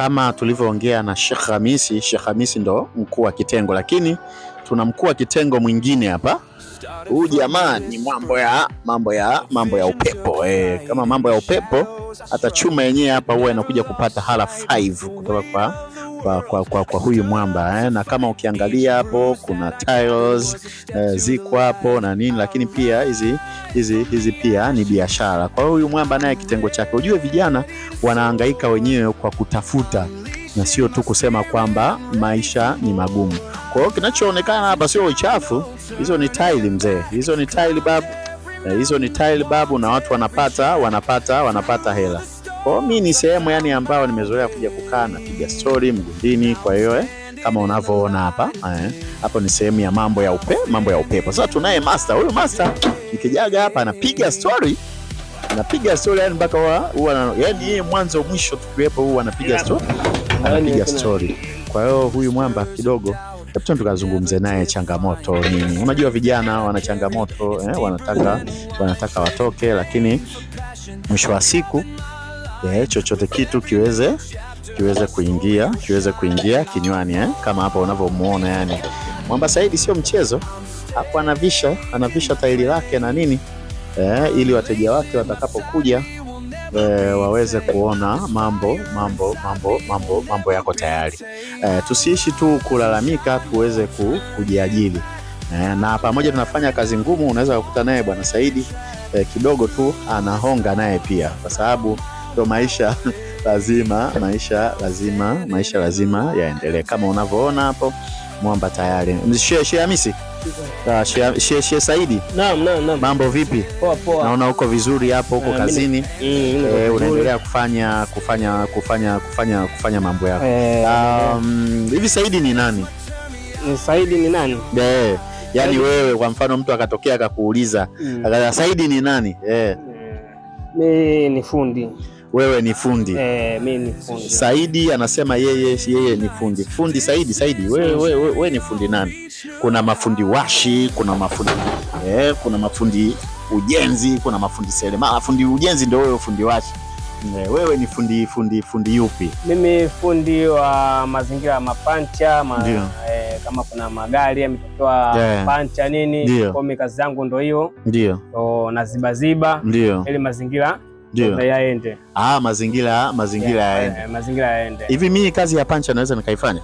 kama tulivyoongea na Sheikh Hamisi. Sheikh Hamisi ndo mkuu wa kitengo, lakini tuna mkuu wa kitengo mwingine hapa. Huyu jamaa ni mambo ya mambo ya mambo ya upepo e, kama mambo ya upepo, hata chuma yenyewe hapa huwa inakuja kupata hala 5 kutoka kwa kwa, kwa, kwa, kwa huyu mwamba eh. Na kama ukiangalia hapo kuna tiles eh, ziko hapo na nini, lakini pia hizi hizi hizi pia ni biashara. Kwa hiyo huyu mwamba naye kitengo chake, ujue vijana wanaangaika wenyewe kwa kutafuta na sio tu kusema kwamba maisha ni magumu. Kwa hiyo kinachoonekana hapa sio uchafu, hizo ni tile mzee, hizo ni tile babu, eh, hizo ni tile babu, na watu wanapata wanapata wanapata hela. Kwa hiyo mimi ni sehemu yani ambayo nimezoea kuja kukaa na piga story Mgundini, kwa hiyo eh, kama unavyoona hapa eh, hapo ni sehemu ya mambo ya upe, mambo ya upepo. Sasa tunaye master. Huyu master nikijaga hapa anapiga story anapiga story yani mpaka huwa yani yeye mwanzo mwisho tukiwepo huwa anapiga story anapiga story. Kwa hiyo huyu mwamba kidogo Kapitani tukazungumze naye changamoto nini. Unajua vijana wana changamoto eh, wanataka wanataka watoke, lakini mwisho wa siku eh, chochote kitu kiweze kiweze kuingia kiweze kuingia kinywani eh, kama hapa unavyomuona yani Mwamba Saidi sio mchezo hapo, anavisha anavisha taili lake na nini eh, ili wateja wake watakapokuja E, waweze kuona mambo mambo mambo mambo mambo yako tayari. E, tusiishi tu kulalamika, tuweze kujiajili. E, eh, na pamoja tunafanya kazi ngumu, unaweza kukuta naye bwana Saidi e, kidogo tu anahonga naye pia kwa sababu so maisha lazima maisha lazima maisha lazima yaendelee, kama unavyoona hapo mwamba tayari. Shie Hamisi ah, Saidi, naam naam, mambo vipi? Poa poa, naona uko vizuri hapo, uko ah, kazini, mm, eh, unaendelea kufanya kufanya kufanya kufanya kufanya mambo yako eh, ah, eh. Mm, hivi. Saidi ni nani? Saidi ni nani? Eh, yani wewe kwa mfano mtu akatokea akakuuliza, mm. Saidi ni nani? Eh, mimi ni fundi wewe ni fundi eh, mimi ni fundi. Saidi anasema yeye yeye ni fundi. Fundi Saidi, Saidi wewe wewe we ni fundi nani? Kuna mafundi washi, kuna mafundi eh, kuna mafundi ujenzi, kuna mafundi seremala. Fundi ujenzi ndio wewe, fundi washi. Eh, wewe ni fundi fundi fundi yupi? Mimi fundi wa mazingira ya mapancha ma, eh, kama kuna magari yametoa yeah, pancha nini, kwa kazi yangu ndio hiyo, ndio nazibaziba ili mazingira ndio yaende. Ah, mazingira mazingira yaende, eh, mazingira yaende. Hivi mimi kazi ya pancha naweza nikaifanya?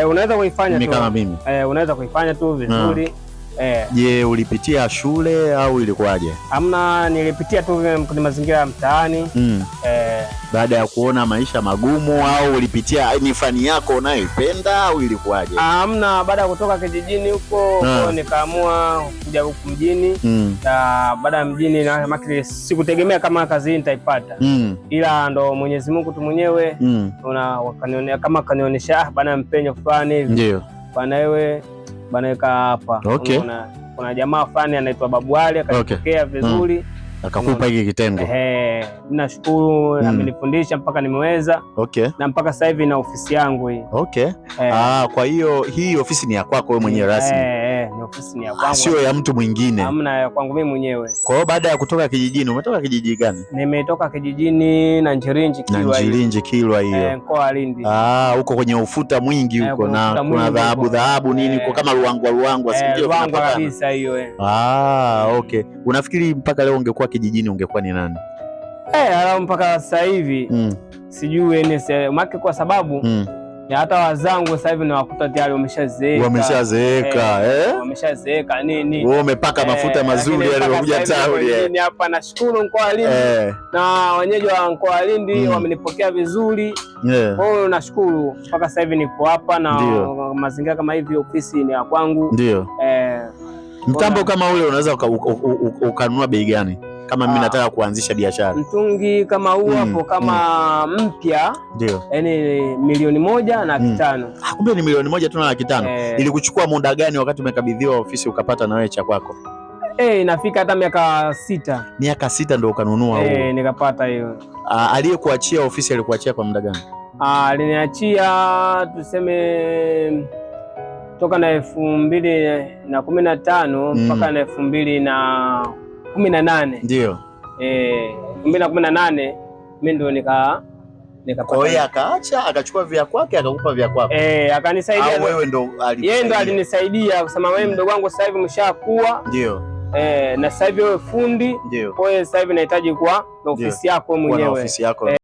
Eh, unaweza kuifanya tu. Mimi kama mimi. Eh, unaweza kuifanya tu vizuri. Ah. Eh. Je, ulipitia shule au ilikuwaje? amna nilipitia tu kwenye mazingira ya mtaani. Mm. Eh. Baada ya kuona maisha magumu au ulipitia ni fani yako unayoipenda au ilikuwaje? Amna, baada ya kutoka kijijini huko ah. nikaamua kuja huku mjini. Mm. Na baada ya mjini na sikutegemea kama kazi hii nitaipata. Mm. Ila ndo Mwenyezi Mungu tu mwenyewe mm. una kama kanionesha ah, bana mpenyo fulani hivi. Ndio. Bana wewe banaweka hapa. Okay. Kuna, kuna jamaa fulani anaitwa Babu Ali akatokea okay. Mm. vizuri mm. Akakupa hiki kitengo. Eh, nashukuru mm. amenifundisha mpaka nimeweza. Okay. Na mpaka sasa hivi na ofisi yangu hii. Okay. eh. Ah, kwa hiyo hii ofisi ni ya kwako wewe mwenyewe rasmi. eh ni ofisi ni ya kwangu. Sio ya mtu mwingine. Hamna, ya kwangu mimi mwenyewe. Kwa hiyo baada ya kutoka kijijini, umetoka kijiji gani? Nimetoka kijijini na Njirinji Kilwa. Na Njirinji Kilwa hiyo. Eh, mkoa Lindi. Ah, huko kwenye ufuta mwingi eh, huko eh, na kuna dhahabu dhahabu nini huko eh. kama Ruangwa Ruangwa, si eh, ndio? Ruangwa kabisa hiyo eh. Ah, okay. Unafikiri mpaka leo ungekuwa kijijini ungekuwa ni nani? Eh, alafu mpaka sasa hivi. Mm. Sijui, kwa sababu mm hata wazangu sasa hivi nawakuta tayari wameshazeeka, wameshazeeka eh, eh, wameshazeeka nini. Wewe umepaka eh, mafuta mazuri yale yalokuja tauli eh. Ni hapa. Nashukuru mkoa wa Lindi eh, na wenyeji wa mkoa wa Lindi mm, wamenipokea vizuri yeah. Kwa hiyo nashukuru mpaka sasa hivi niko hapa na mazingira kama hivi, ofisi ni ya kwangu ndio eh. Mtambo kama ule unaweza ukanunua bei gani? kama mimi ah, nataka kuanzisha biashara mtungi kama huu mm, hapo, mm, kama mm, mpya ndio, yani milioni moja na mm. laki tano. Mm. Kumbe ni milioni moja tu na laki tano eh. Ilikuchukua muda gani wakati umekabidhiwa ofisi ukapata na wewe cha kwako? Eh, inafika hata miaka sita. Miaka sita ndio ukanunua huu? Eh, nikapata hiyo. Ah, aliyekuachia ofisi alikuachia kwa muda gani? Aliniachia tuseme toka na elfu mbili na kumi na tano mm. mpaka mm, na elfu mbili na kumi na nane ndio elfu eh, mbili na kumi na nane mi ndo nika akaacha akachukua vya kwake akakupa vya kwako. Eh, akanisaidia. Au wewe ndo yeye ndo alinisaidia kusema wewe mdogo wangu sasa hivi umeshakuwa. Ndio. Eh, na sasa hivi wewe fundi. Kwa hiyo sasa hivi nahitaji kuwa na ofisi yako mwenyewe. Eh,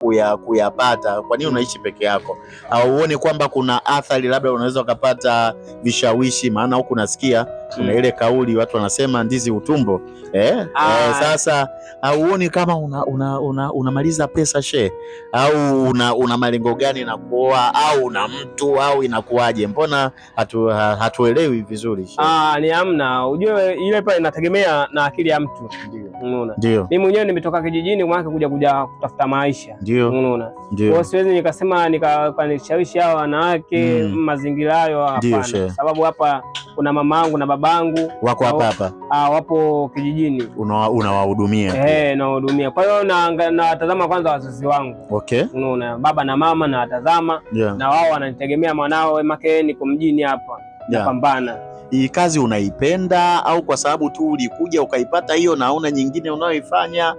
kuya, kuyapata. Kwa nini unaishi peke yako? Hauoni kwamba kuna athari, labda unaweza ukapata vishawishi? Maana huku nasikia kuna mm. ile kauli watu wanasema ndizi utumbo eh? Eh, ah. sasa hauoni kama unamaliza una, una, una pesa she au una, una malengo gani na kuoa au una mtu au inakuwaje? Mbona hatu, hatuelewi vizuri she? Ah, ni amna, ujue ile pale inategemea na akili ya mtu ndio unaona. Mimi mwenyewe nimetoka kijijini mwaka kuja kuja kutafuta maisha, unaona. Kwa siwezi nikasema nikanishawishi hao wanawake mm. mazingira hayo, hapana, sababu hapa kuna mamangu na babangu wako hapa hapa, ah, wapo kijijini, unawahudumia una eh, nawahudumia. Kwa hiyo nawatazama na kwanza wazazi wangu, okay, unaona, baba na mama nawatazama, yeah. na wao wananitegemea mwanao, make niko mjini hapa, yeah. napambana hii kazi unaipenda au kwa sababu tu ulikuja ukaipata hiyo na una nyingine unayoifanya,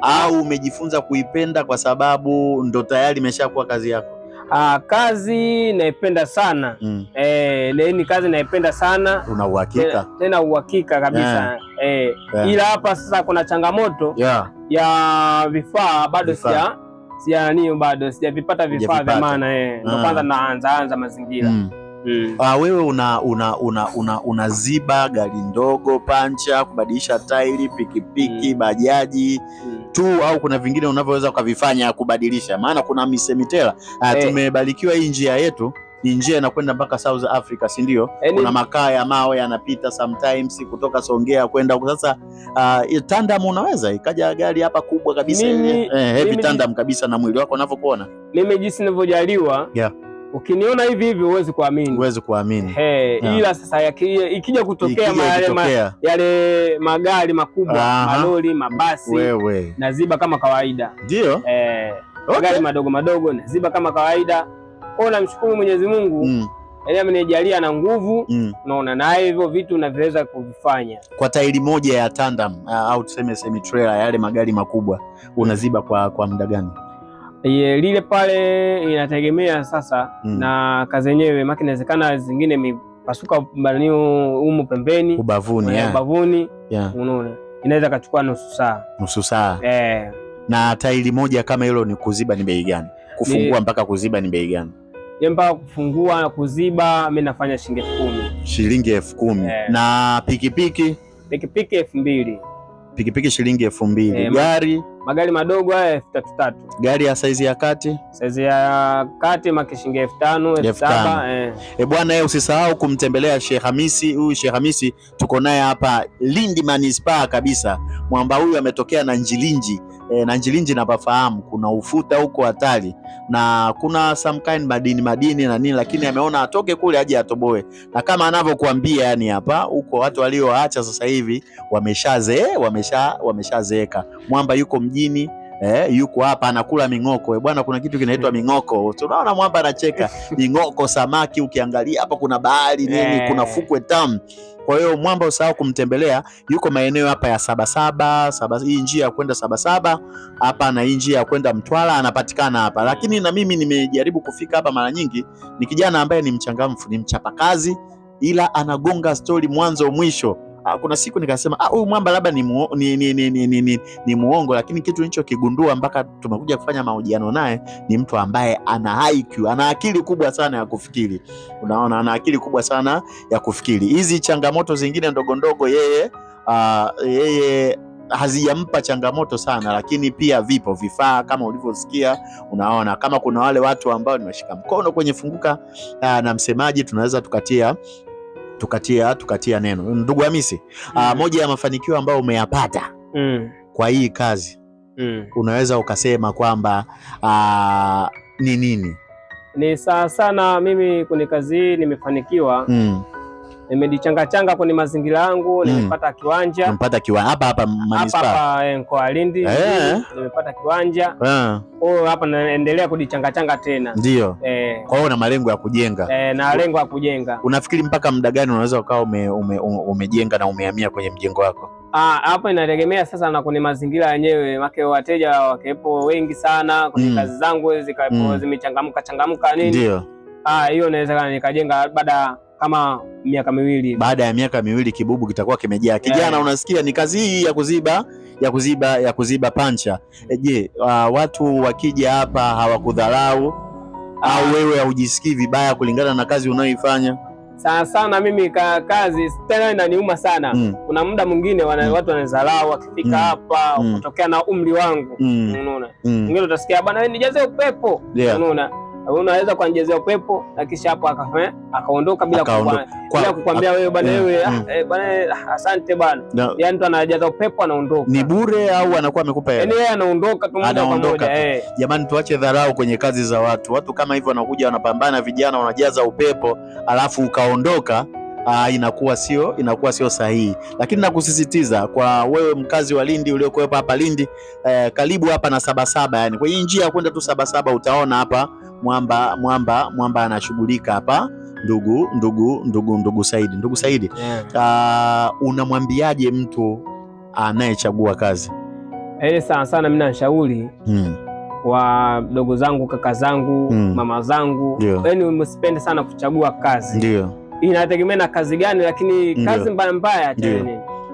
au umejifunza kuipenda kwa sababu ndo tayari imeshakuwa kazi yako? Ah, kazi naipenda sana mm. E, ni kazi naipenda sana. Una uhakika tena, uhakika kabisa yeah. E, yeah. Ila hapa sasa kuna changamoto yeah. ya vifaa bado sija sija nini, bado sijavipata vifaa vya maana eh, Ndio ah. kwanza naanza anza mazingira mm mm. Uh, wewe una unaziba una, una, una gari ndogo, pancha, kubadilisha tairi, pikipiki mm. bajaji mm. tu au kuna vingine unavyoweza ukavifanya kubadilisha, maana kuna misemitela uh, ah, hey. Eh. Tumebarikiwa hii njia yetu ni njia inakwenda mpaka South Africa, si ndio? Eh, kuna makaa ya mawe yanapita sometimes kutoka Songea kwenda huko. Sasa uh, tandam unaweza ikaja gari hapa kubwa kabisa, eh, heavy tandam kabisa na mwili wako unavyokuona. Mimi jinsi ninavyojaliwa yeah. Ukiniona hivi hivi huwezi kuamini, huwezi kuamini eh, yeah. Ila sasa ikija kutokea ma, yale magari makubwa malori, mabasi wewe, naziba kama kawaida ndio eh, okay. Magari madogo madogo naziba kama kawaida kwa namshukuru Mwenyezi Mungu mm. amenijalia na nguvu mm. Unaona, naye hivyo vitu navyoweza kuvifanya kwa tairi moja ya tandem au tuseme semi trailer, yale magari makubwa unaziba kwa, kwa muda gani? ye lile pale inategemea sasa mm. na kazi yenyewe, maana inawezekana zingine imepasuka humu pembeni ubavuni, eh, yeah. ubavuni yeah. unaona inaweza kachukua nusu saa nusu saa eh. na tairi moja kama hilo ni kuziba ni bei gani? kufungua mpaka kuziba ni bei gani? mpaka kufungua na kuziba mi nafanya shilingi elfu kumi shilingi elfu kumi eh. na pikipiki pikipiki elfu mbili pikipiki shilingi elfu mbili eh, gari magari madogo haya elfu tatu tatu. Gari ya saizi ya kati, saizi ya kati makishingi elfu tano elfu saba eh. E bwana, usisahau kumtembelea Sheikh Hamisi. Huyu Sheikh Hamisi tuko naye hapa Lindi Manispaa kabisa, mwamba huyu ametokea na Njilinji e, na njilinji napafahamu kuna ufuta huko hatari na kuna some kind madini madini na nini, lakini ameona atoke kule aje atoboe, na kama anavyokuambia yani hapa huko watu walioacha sasa hivi wameshazeeka, wamesha, wameshazeeka. Mwamba yuko mjini eh, yuko hapa anakula ming'oko. Eh, bwana, kuna kitu kinaitwa hmm. ming'oko. Tunaona mwamba anacheka ming'oko, samaki. Ukiangalia hapa kuna bahari nini, kuna eh. fukwe tamu. Kwa hiyo mwamba usahau kumtembelea, yuko maeneo hapa ya Sabasaba saba, hii njia ya kwenda Sabasaba hapa na hii njia ya kwenda Mtwara anapatikana hapa. Lakini na mimi nimejaribu kufika hapa mara nyingi. Ni kijana ambaye ni mchangamfu, ni mchapakazi, ila anagonga stori mwanzo mwisho. Ah, kuna siku nikasema ah, huyu ah, mwamba labda ni, mu, ni, ni, ni, ni, ni, ni muongo, lakini kitu nilichokigundua mpaka tumekuja kufanya mahojiano naye ni mtu ambaye ana IQ, ana akili kubwa sana ya kufikiri. Unaona, ana akili kubwa sana ya kufikiri. Hizi changamoto zingine ndogo ndogo yeye, uh, yeye hazijampa changamoto sana, lakini pia vipo vifaa kama ulivyosikia. Unaona, kama kuna wale watu ambao ni washika mkono kwenye funguka uh, na msemaji, tunaweza tukatia tukatia tukatia neno. Ndugu Hamisi, ah, mm. moja ya mafanikio ambayo umeyapata mm. kwa hii kazi mm. unaweza ukasema kwamba ah, ni nini? Ni saa sana mimi kwenye kazi hii nimefanikiwa mm nimejichangachanga kwenye mazingira yangu, mm. nimepata kiwanja nimepata kiwanja hapa hapa hapa eh, mkoa Lindi, eh. nimepata kiwanja hiyo ah. hapa, naendelea kujichangachanga tena. Ndio eh, kwa hiyo una malengo ya kujenga eh, na lengo ya kujenga. Unafikiri mpaka muda gani unaweza ukawa ume, ume, ume, umejenga na umehamia kwenye mjengo wako? Ah, hapo inategemea sasa na kwenye mazingira yenyewe, make wateja wakiwepo wengi sana kwenye mm. kazi zangu zikawepo mm. zimechangamka changamka nini, ndio ah, hiyo naweza nikajenga baada kama miaka miwili. Baada ya miaka miwili kibubu kitakuwa kimejaa kijana, yeah. Unasikia ni kazi hii ya kuziba ya kuziba ya kuziba pancha. Eh, je, uh, watu wakija hapa hawakudharau ah. au wewe haujisikii vibaya kulingana na kazi unayoifanya? Sana sana mimi ka, kazi tena inaniuma sana mm. Kuna muda mwingine wana, mm. watu wanazarau wakifika mm. hapa mm. kutokea na umri wangu mm. unaona, mwingine mm. utasikia bwana, nijaze upepo yeah. unaona unaweza kuanjezea upepo na kisha hapo akafanya eh, akaondoka bila kukwambia wewe bwana, mm, wewe mm. Eh, bwana, eh, asante bwana. Yani mtu anajaza upepo anaondoka, ni bure au anakuwa amekupa hela, yani yeye anaondoka tu moja kwa moja. Jamani, tuache dharau kwenye kazi za watu. Watu kama hivyo wanakuja wanapambana, vijana wanajaza upepo alafu ukaondoka. Aa, ah, inakuwa sio inakuwa sio sahihi, lakini nakusisitiza kwa wewe mkazi wa Lindi uliokuwepo hapa Lindi eh, karibu hapa na Sabasaba, yani kwenye njia ya kwenda tu Sabasaba utaona hapa Mwamba Mwamba Mwamba anashughulika hapa ndugu ndugu ndugu ndugu Saidi, ndugu Saidi, yeah. Uh, unamwambiaje mtu anayechagua kazi? Yaani sana sana mimi nashauri hmm. wa ndugu zangu kaka zangu hmm. mama zangu, yaani msipende sana kuchagua kazi. Ndio. Inategemea na kazi gani, lakini kazi mbaya mbaya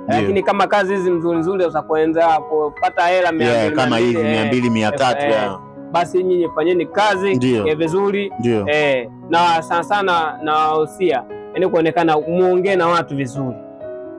lakini kama kazi hizi nzuri nzuri utakuanza kupata hela mia eh, mbili mia tatu eh, basi nyinyi fanyeni kazi Dio. vizuri Dio. E, eh, na sana sana nawahusia yaani kuonekana muongee na watu vizuri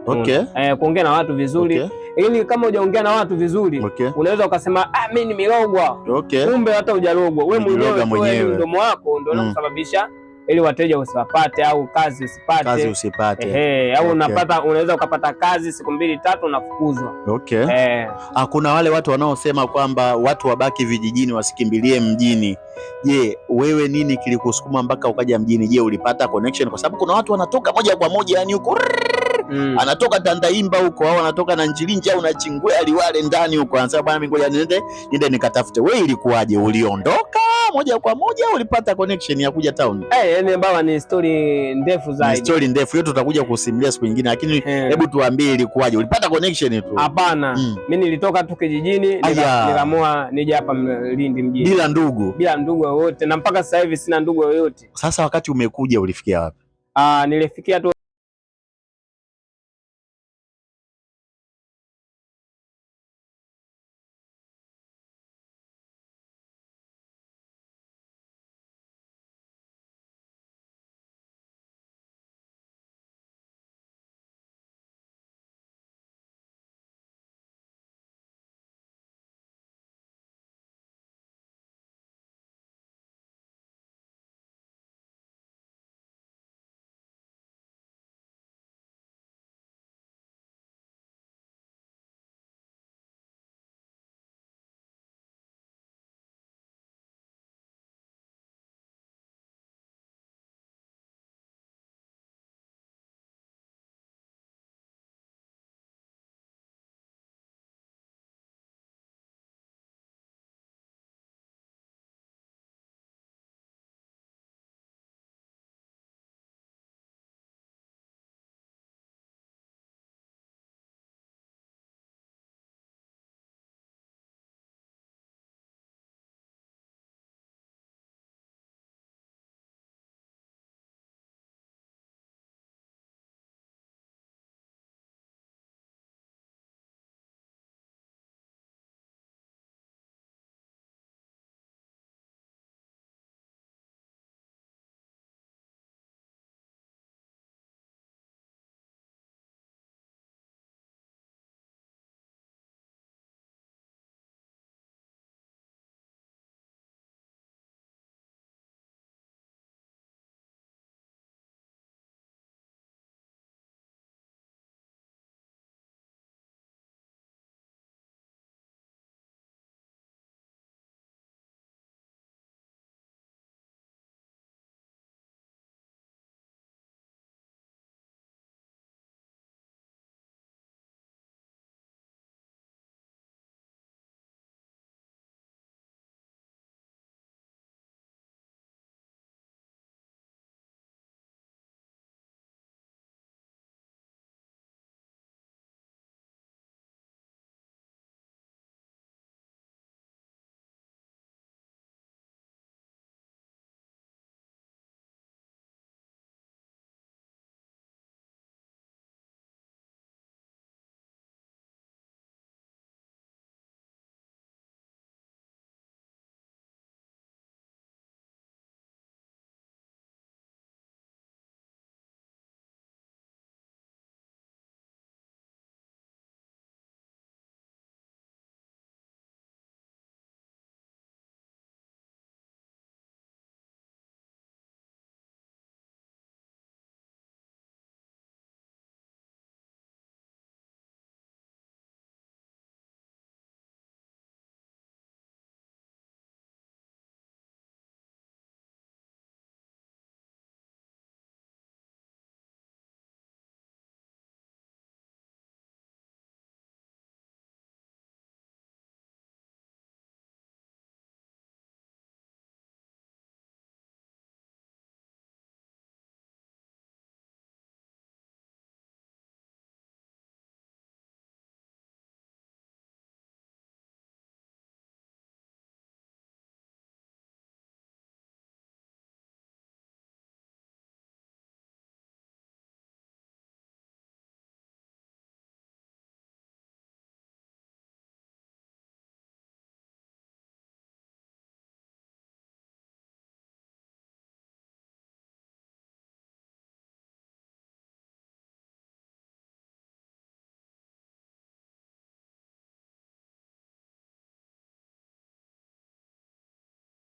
okay. E, kuongea na watu vizuri okay. Ili yaani kama hujaongea na watu vizuri okay. Unaweza ukasema ah, mimi nimerogwa okay. Kumbe hata hujarogwa wewe yaani mwenyewe, mdomo wako ndio unasababisha mm ili wateja usiwapate au kazi usipate, kazi usipate. Ehe, au okay. Unapata, unaweza ukapata kazi siku mbili tatu unafukuzwa. Okay. Ah, kuna wale watu wanaosema kwamba watu wabaki vijijini wasikimbilie mjini. Je, wewe nini kilikusukuma mpaka ukaja mjini? Je, ulipata connection? Kwa sababu kuna watu wanatoka moja kwa moja yani huko mm. anatoka Tandaimba huko au anatoka na Njilinji au na Chingwe aliwale ndani huko, anasema bwana, mimi ngoja niende niende nikatafute. Wewe ilikuwaje, uliondoka moja kwa moja ulipata connection ya kuja town? Eh, yani baba, ni story ndefu zaidi, ni story ndefu hiyo, tutakuja kusimulia siku nyingine, lakini eh. hebu hmm. tuambie ilikuwaje, ulipata connection tu? Hapana, mm. mimi nilitoka tu kijijini nikaamua nije hapa Lindi mjini bila ndugu, bila ndugu wowote, na mpaka sasa hivi sina ndugu yoyote. Sasa wakati umekuja ulifikia wapi? Ah, nilifikia tu